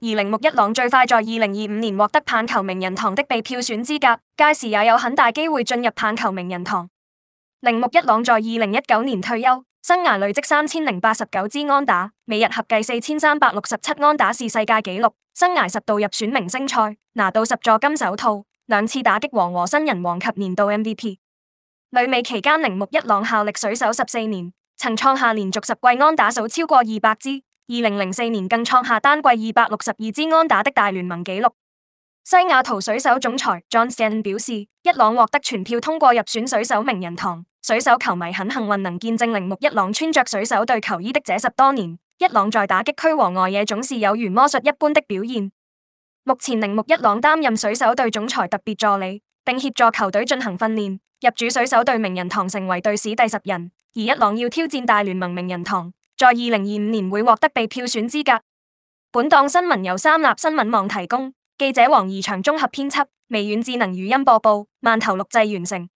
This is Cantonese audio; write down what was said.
而鈴木一朗最快在二零二五年獲得棒球名人堂的被票選資格，屆時也有很大機會進入棒球名人堂。鈴木一朗在二零一九年退休，生涯累積三千零八十九支安打，美日合計四千三百六十七安打是世界紀錄。生涯十度入選明星賽，拿到十座金手套，兩次打擊王和新人王及年度 MVP。旅美期間，鈴木一朗效力水手十四年，曾創下連續十季安打數超過二百支。二零零四年更創下單季二百六十二支安打的大聯盟紀錄。西雅圖水手總裁 John Stanton 表示：一朗獲得全票通過入選水手名人堂，水手球迷很幸運能見證鈴木一朗穿着水手隊球衣的這十多年。一朗在打擊區和外野總是有如魔術一般的表現。目前鈴木一朗擔任水手隊總裁特別助理，並協助球隊進行訓練。入主水手隊名人堂，成為隊史第十人，而一朗要挑戰大聯盟名人堂。在二零二五年會獲得被票選資格。本檔新聞由三立新聞網提供，記者王怡翔綜合編輯，微軟智能語音播報，慢頭錄製完成。